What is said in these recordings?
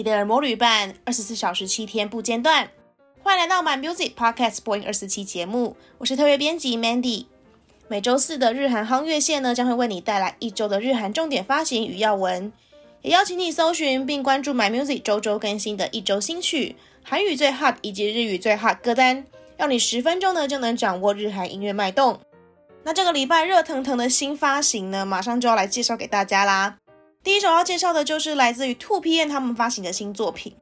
你的耳膜旅伴，二十四小時、七天不間斷。歡迎來到 My Music Podcast Point 二十四期節目，我是特約編輯 Mandy。每周四的日韓夯樂線呢，將會為你帶來一周的日韓重點發行與要聞。也邀請你搜尋並關注 My Music 周周更新的一周新曲、韓語最 hot 以及日語最 hot 歌單，讓你十分鐘呢就能掌握日韓音樂脈動。那這個禮拜熱騰騰的新發行呢，馬上就要來介紹給大家啦！第一首要介紹的就是來自於 2PM 他們發行的新作品。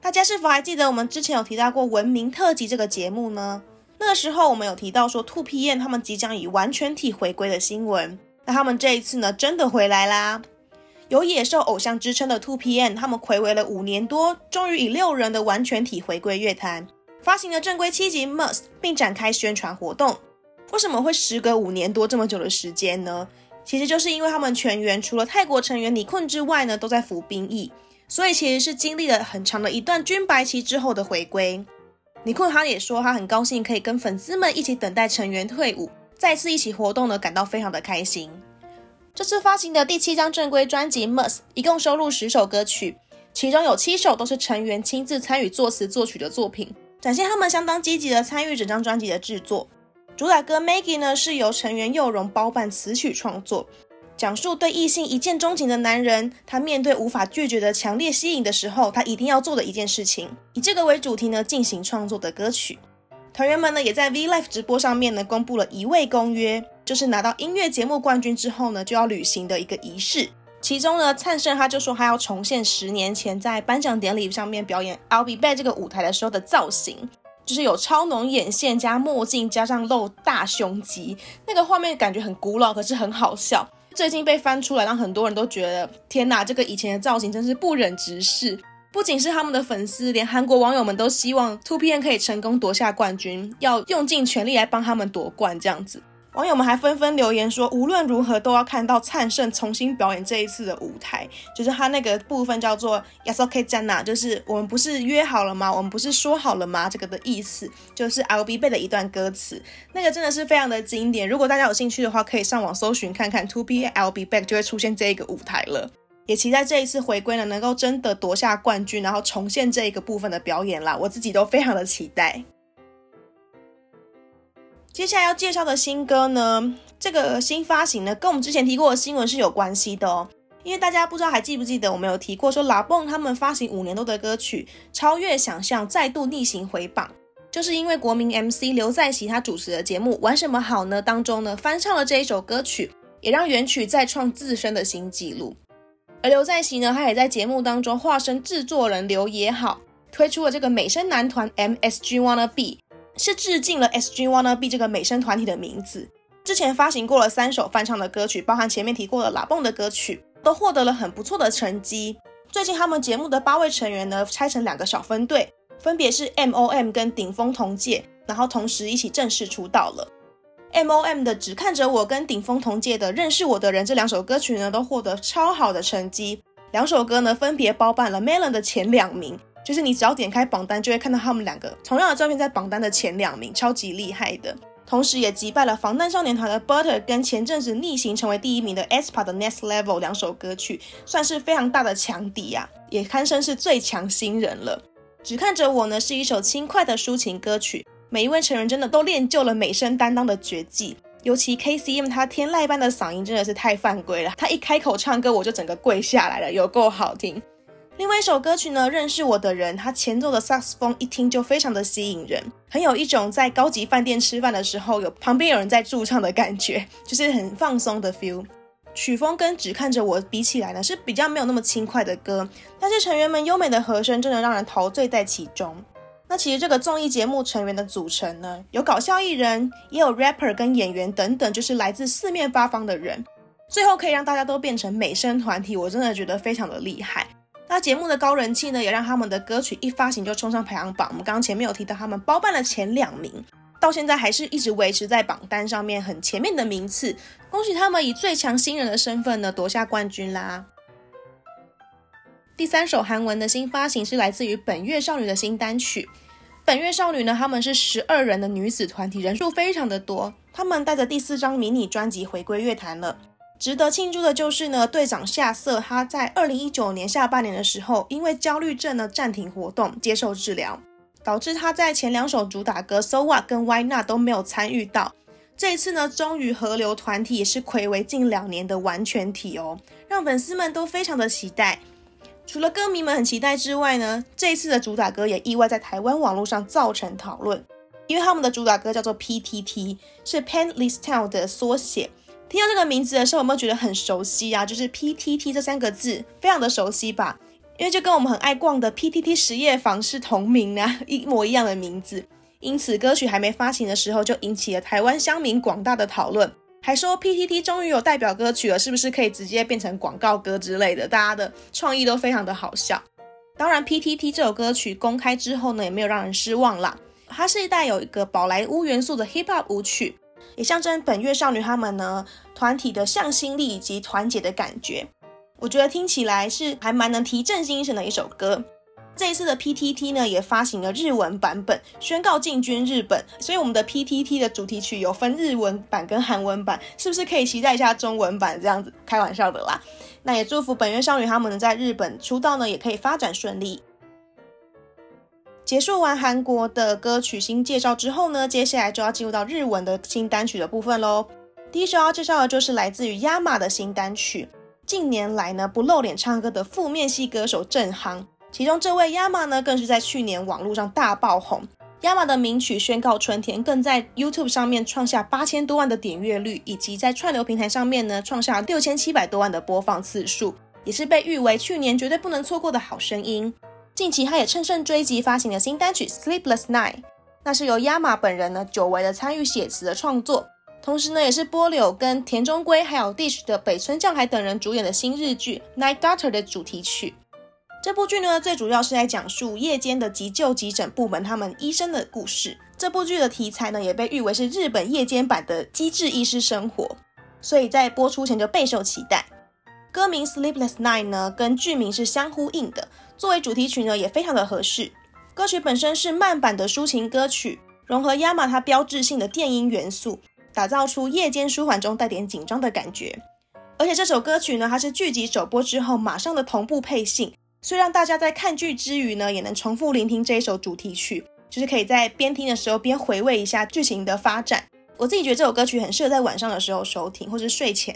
大家是否還記得我們之前有提到過《文明特輯》這個節目呢？那個時候我們有提到說 2PM 他們即將以完全體回歸的新聞。那他們這一次呢，真的回來啦！有野獸偶像之稱的 2PM 他們睽違了五年多，終於以六人的完全體回歸樂壇，發行了正規七輯《Must》，並展開宣傳活動。為什麼會時隔五年多這麼久的時間呢？其實就是因為他們全員除了泰國成員尼坤之外呢，都在服兵役，所以其實是經歷了很長的一段軍白期之後的回歸。尼坤他也說，他很高興可以跟粉絲們一起等待成員退伍，再次一起活動呢，感到非常的開心。這次發行的第七張正規專輯《MUST》一共收錄十首歌曲，其中有七首都是成員親自參與作詞作曲的作品，展現他們相當積極的參與整張專輯的制作。主打歌 Maggie 呢是由成員佑榮包辦詞曲創作，講述對異性一見鍾情的男人，他面對無法拒絕的強烈吸引的時候，他一定要做的一件事情，以這個為主題呢進行創作的歌曲。團員們呢也在 V Live 直播上面呢公布了一位公約，就是拿到音樂節目冠軍之後呢就要履行的一個儀式。其中呢燦盛他就說他要重現十年前在頒獎典禮上面表演 I'll Be Back 這個舞台的時候的造型。就是有超濃眼線加墨鏡，加上露大胸肌，那個畫面感覺很古老，可是很好笑。最近被翻出來，讓很多人都覺得天哪，這個以前的造型真是不忍直視。不僅是他們的粉絲，連韓國網友們都希望 2PM 可以成功奪下冠軍，要用盡全力來幫他們奪冠，這樣子。網友們還紛紛留言說，無論如何都要看到燦盛重新表演這一次的舞台，就是他那個部分叫做《y e s o k e Jana》，就是我們不是約好了嗎？我們不是說好了嗎？這個的意思就是 I'll be back 的一段歌詞，那個真的是非常的經典。如果大家有興趣的話，可以上網搜尋看看，To be I'll be back 就會出現這一個舞台了。也期待這一次回歸呢，能夠真的奪下冠軍，然後重現這一個部分的表演啦。我自己都非常的期待。接下來要介紹的新歌呢，這個新發行呢，跟我們之前提過的新聞是有關係的哦。因為大家不知道還記不記得，我們有提過說 LABOUM 他們發行五年多的歌曲《超越想象》再度逆行回榜，就是因為國民 MC 劉在錫他主持的節目《玩什麼好呢》當中呢翻唱了這一首歌曲，也讓原曲再創自身的新紀錄。而劉在錫呢，他也在節目當中化身制作人劉也好，推出了這個美聲男團 MSG Wannabe。是致敬了 SG Wannabe 這個美聲團體的名字。之前發行過了三首翻唱的歌曲，包含前面提過的《LABOUM》的歌曲，都獲得了很不錯的成績。最近他們節目的八位成員呢，拆成兩個小分隊，分別是 M O M 跟頂峰同期，然後同時一起正式出道了。M O M 的《只看着我》跟頂峰同期的《認識我的人》，這兩首歌曲呢，都獲得超好的成績。兩首歌呢，分別包辦了 Melon 的前兩名。就是你只要點開榜單，就會看到他們兩個同樣的照片在榜單的前兩名，超級厲害的，同時也擊敗了防彈少年團的 Butter 跟前陣子逆行成為第一名的 aespa 的 Next Level 兩首歌曲，算是非常大的強敵啊，也堪稱是最強新人了。只看着我呢，是一首輕快的抒情歌曲，每一位成員真的都練就了美聲擔當的絕技，尤其 KCM 他天籟般的嗓音真的是太犯規了，他一開口唱歌我就整個跪下來了，有夠好聽。另外一首歌曲呢，《認識我的人》，他前奏的薩克斯風一聽就非常的吸引人，很有一種在高級飯店吃飯的時候，有旁邊有人在駐唱的感覺，就是很放鬆的 feel。曲風跟《只看着我》比起來呢，是比較沒有那麼輕快的歌，但是成員們優美的和聲真的讓人陶醉在其中。那其實這個綜藝節目成員的組成呢，有搞笑藝人，也有 rapper 跟演員等等，就是來自四面八方的人，最後可以讓大家都變成美聲團體，我真的覺得非常的厲害。他節目的高人氣呢，也讓他們的歌曲一發行就衝上排行榜。我們剛前面有提到，他們包辦了前兩名，到現在還是一直維持在榜單上面很前面的名次。恭喜他們以最強新人的身份呢奪下冠軍啦！第三首韓文的新發行是來自於本月少女的新單曲。本月少女呢，他們是十二人的女子團體，人數非常的多。他們帶着第四張迷你專輯回歸樂壇了。值得慶祝的就是呢，隊長夏瑟他在二零一九年下半年的時候，因為焦慮症呢暫停活動接受治療，導致他在前兩首主打歌《So What》跟《Why Not》都沒有參與到。這一次呢，終於合流團體也是睽違近兩年的完全體哦，讓粉絲們都非常的期待。除了歌迷們很期待之外呢，這一次的主打歌也意外在台灣網絡上造成討論，因為他們的主打歌叫做 PTT，是 Paint The Town 的縮寫。聽到這個名字的時候，有沒有覺得很熟悉啊？就是 P T T 這三個字，非常的熟悉吧？因為就跟我們很愛逛的 P T T 實業坊是同名啊，一模一樣的名字。因此，歌曲還沒發行的時候，就引起了台灣鄉民廣大的討論，還說 P T T 終於有代表歌曲了，是不是可以直接變成廣告歌之類的？大家的創意都非常的好笑。當然，P T T 這首歌曲公開之後呢，也沒有讓人失望啦。它是一帶有一個寶萊塢元素的 Hip Hop 舞曲。也象徵本月少女她們呢，團體的向心力以及團結的感覺，我覺得聽起來是還蠻能提振精神的一首歌。這一次的 PTT 呢，也發行了日文版本，宣告進軍日本。所以我們的 PTT 的主題曲有分日文版跟韓文版，是不是可以期待一下中文版？這樣子，開玩笑的啦。那也祝福本月少女她們，在日本出道呢，也可以發展順利。結束完韓國的歌曲新介紹之後呢，接下來就要進入到日文的新單曲的部分嘍。第一首要介紹的就是來自於 yama 的新單曲。近年來呢，不露臉唱歌的覆面系歌手正夯。其中這位 Yama 呢，更是在去年網絡上大爆紅。yama 的名曲《宣告春天》更在 YouTube 上面創下八千多萬的點閱率，以及在串流平台上面呢創下六千七百多萬的播放次數，也是被譽為去年絕對不能錯過的好聲音。近期他也乘勝追擊，發行了新單曲《Sleepless Night》，那是由 yama 本人呢久違的參與寫詞的創作，同時呢也是波瑠跟田中圭還有 Dish 的北村匠海等人主演的新日劇《Night Doctor》的主題曲。這部劇呢最主要是在講述夜間的急救急診部門他們醫生的故事。這部劇的題材呢也被譽為是日本夜間版的《機智醫師生活》，所以在播出前就備受期待。歌名《Sleepless Night》呢，跟劇名是相呼應的，作為主題曲呢，也非常的合適。歌曲本身是慢板的抒情歌曲，融合 yama 它標誌性的電音元素，打造出夜間舒緩中帶點緊張的感覺。而且這首歌曲呢，它是劇集首播之後馬上的同步配信，所以讓大家在看劇之餘呢，也能重複聆聽這一首主題曲，就是可以在邊聽的時候邊回味一下劇情的發展。我自己覺得這首歌曲很適合在晚上的時候收聽，或是睡前。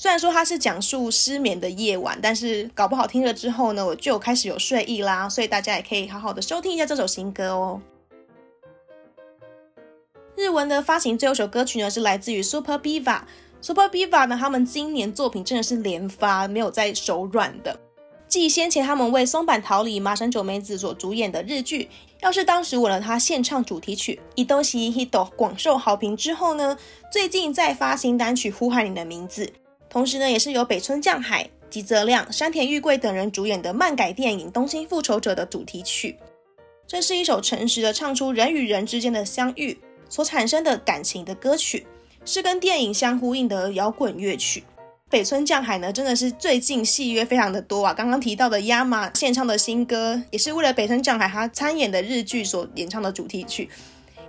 雖然說它是講述失眠的夜晚，但是搞不好聽了之後呢，我就開始有睡意啦。所以大家也可以好好的收聽一下這首新歌哦。日文的發行最後一首歌曲呢，是來自於 SUPER BEAVER。SUPER BEAVER 呢，他們今年作品真的是連發，沒有再手軟的。繼先前他們為松坂桃李、麻生久美子所主演的日劇，要是當時吻了她獻唱主題曲《愛しい人》，廣受好評之後呢，最近在發行單曲《呼喊你的名字》。同時呢，也是由北村匠海、吉澤亮、山田裕貴等人主演的漫改電影《東京復仇者》的主題曲。這是一首誠實的唱出人與人之間的相遇所產生的感情的歌曲，是跟電影相呼應的搖滾樂曲。北村匠海呢，真的是最近戲約非常的多啊。剛剛提到的 yama 獻唱的新歌，也是為了北村匠海他參演的日劇所演唱的主題曲。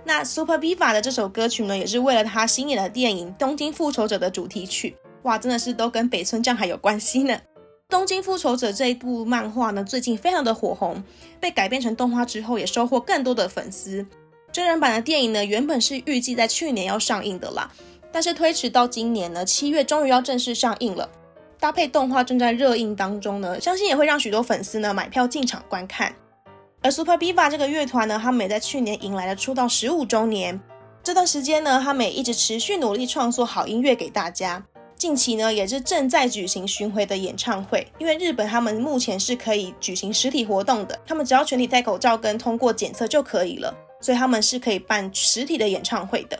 那 SUPER BEAVER 的這首歌曲呢，也是為了他新演的電影《東京復仇者》的主題曲。哇，真的是都跟北村匠海有關係呢。東京復仇者這一部漫畫呢，最近非常的火紅，被改編成動畫之後也收穫更多的粉絲。真人版的電影呢，原本是預計在去年要上映的啦，但是推遲到今年呢，七月終於要正式上映了。搭配動畫正在熱映當中呢，相信也會讓許多粉絲呢買票進場觀看。而 SUPER BEAVER 這個樂團呢，他們也在去年迎來了出道十五週年。這段時間呢，他們也一直持續努力創作好音樂給大家。近期呢，也是正在舉行巡迴的演唱會。因為日本他們目前是可以舉行實體活動的，他們只要全體戴口罩跟通過檢測就可以了，所以他們是可以辦實體的演唱會的。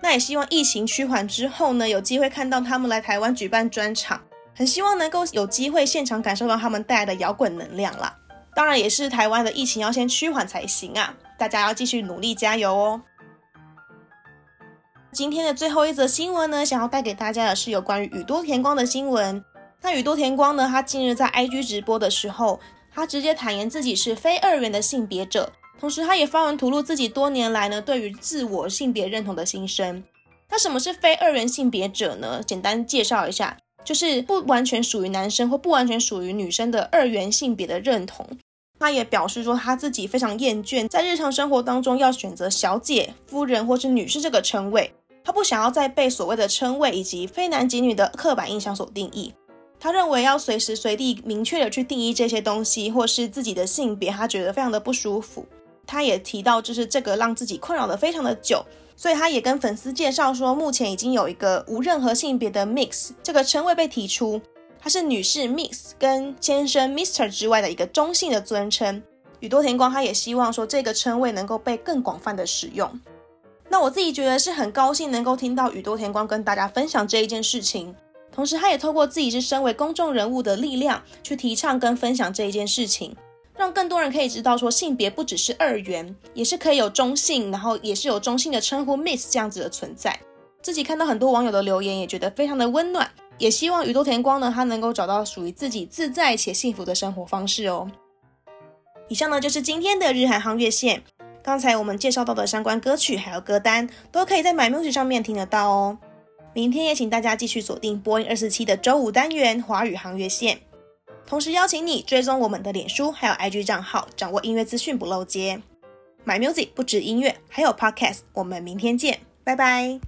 那也希望疫情趨緩之後呢，有機會看到他們來台灣舉辦專場，很希望能夠有機會現場感受到他們帶來的搖滾能量啦。當然也是台灣的疫情要先趨緩才行啊，大家要繼續努力加油哦。今天的最後一則新聞呢，想要帶給大家的是有關於宇多田光的新聞。那宇多田光呢，他近日在 IG 直播的時候，他直接坦言自己是非二元的性別者，同時他也發文吐露自己多年來呢對於自我性別認同的心聲。那什麼是非二元性別者呢？簡單介紹一下，就是不完全屬於男生或不完全屬於女生的二元性別的認同。他也表示說他自己非常厭倦在日常生活當中要選擇小姐、夫人或是女士這個稱謂。他不想要再被所謂的稱謂以及非男即女的刻板印象所定義。他認為要隨時隨地明確地去定義這些東西，或是自己的性別，他覺得非常的不舒服。他也提到，就是這個讓自己困擾得非常的久，所以他也跟粉絲介紹說，目前已經有一個無任何性別的 Mx 這個稱謂被提出，它是女士 Miss 跟「先生 Mister」之外的一個中性的尊稱。宇多田光他也希望說，這個稱謂能夠被更廣泛的使用。那我自己覺得是很高興能夠聽到宇多田光跟大家分享這一件事情，同時他也透過自己是身為公眾人物的力量去提倡跟分享這一件事情，讓更多人可以知道說性別不只是二元，也是可以有中性，然後也是有中性的稱呼 Mx 這樣子的存在。自己看到很多網友的留言也覺得非常的溫暖，也希望宇多田光呢，他能夠找到屬於自己自在且幸福的生活方式哦。以上呢，就是今天的日韓夯樂線。剛才我們介紹到的相關歌曲還有歌單，都可以在 My Music 上面聽得到哦。明天也請大家繼續鎖定播音247的週五單元華語夯樂線，同時邀請你追蹤我們的臉書還有 IG 賬號，掌握音樂資訊不漏接。My Music 不只音樂，還有 Podcast。我們明天見，拜拜。